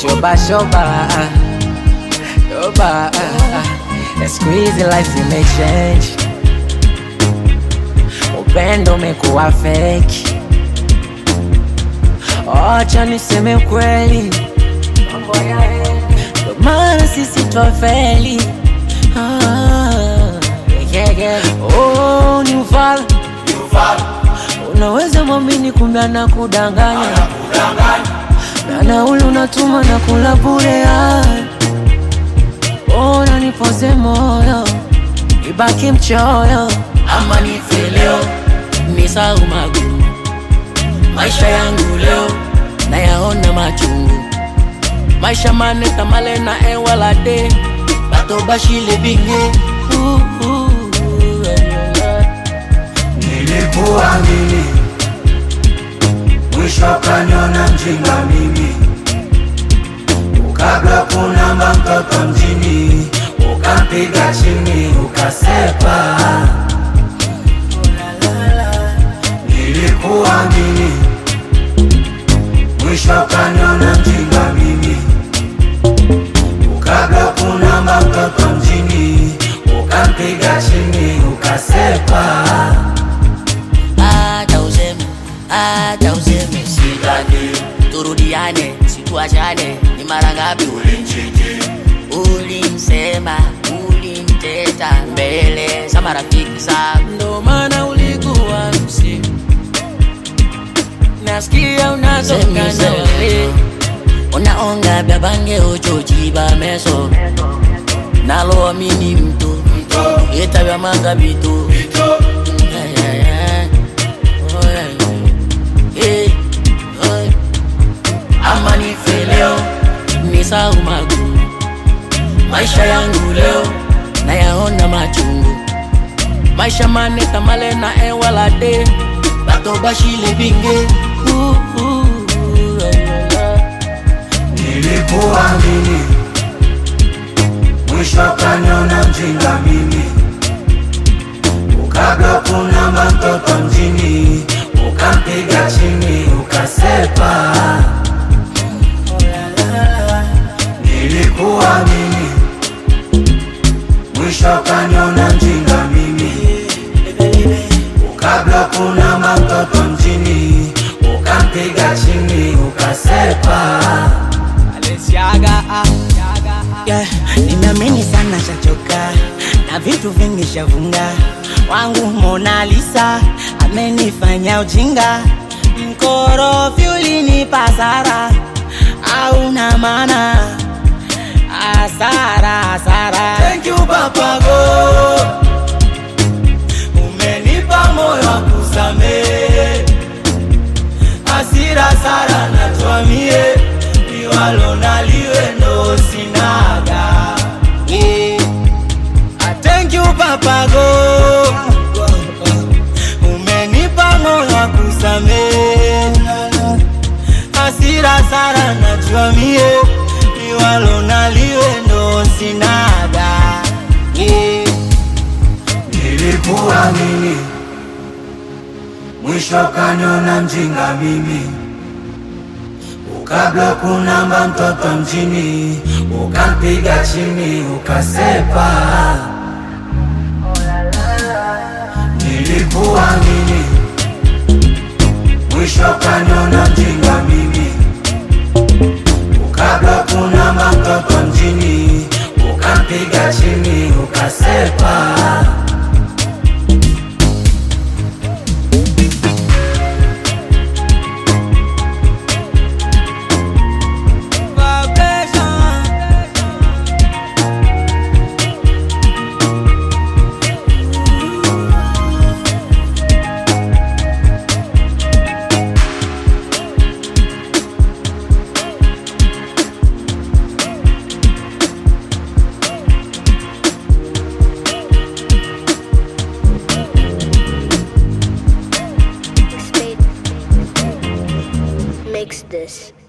Shoba shoba shoba, siku hizi life imechange, upendo umekuwa feki. Acha niseme kweli, maana sisi twafeli. Ah, oh, unaweza mwamini, kumbe anakudanganya na naulu natuma na kula bure, ona nipoze moyo ibaki mchoyo, ama nife leo nisahau magumu, maisha yangu leo nayaona machungu, maisha mane tamale na lade bato bashile binge uh, uh. Nilikuamini mwisho kanyona mjinga mimi kabla kunamba mtoto mjini, ukampiga chini ukasepa, nilikuamini mwisho kaniona mjinga mimi, kabla kunamba mtoto mjini, ukampiga chini ukasepa, hata useme hata useme, sitaki turudiane tuachane, ni mara ngapi ulimsema, ulimteta mbele za marafiki zako, ndo maana ulikuwa msi, nasikia unatoka unaonga babange bange uchochiba meso naloamini mtu, mtu. eta vya manga bitu. Maisha yangu leo nayaona machungu, maisha mane tamale na ewalade bato bashile binge uh, uh, nilikuamini mwisho kaniona mjinga mimi, ukabloku namba mtoto mjini, ukampiga chini, ukasepa nilikuamini Piga chini ukasepa. Alesiaga, ah, ah. yeah, nimeamini sana shachoka na vitu vingi shavunga wangu Mona Lisa amenifanya ujinga mkorofi ulinipasara au na maana asara asara. Thank you Papa God, umenipa moyo wa kusamehe hasara, najua mie liwalo na liwe ndo sinada. Nilikuwa mimi mwisho, kaniona mjinga mimi, ukabla kunamba mtoto mjini, ukampiga chini, ukasepa nilikuwa mimi mwisho, kaniona mjinga mimi chini, ukampiga chini ukasepa this